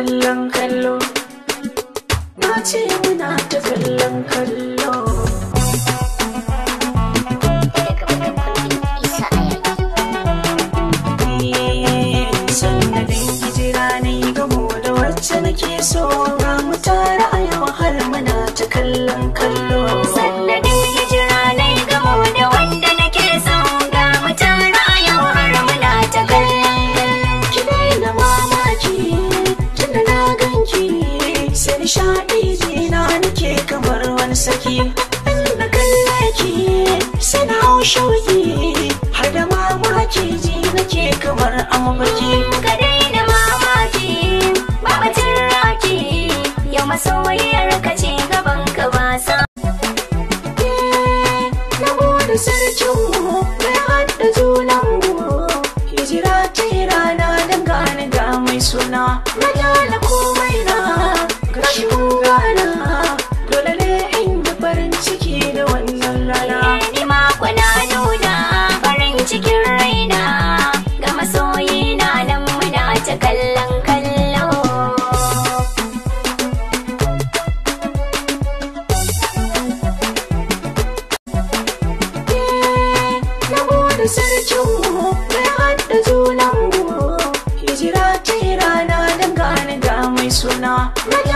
kallon kallo na ce muna ta kallon kallo Sanda dangi jira ne mu da wacce nake so ga mu tara saki na kalla ki sana hau shauki har da mamaki ji nake kamar an baki ka daina mamaki baba tiraki yau masoyiyar ka ce gaban ka ba sa eh, na gode sarkin mu ya hada junan mu hijira ta rana dangane ga mai suna na komai na da sarkinmu mai haɗa junanmu hijira ce rana dangane ga mai suna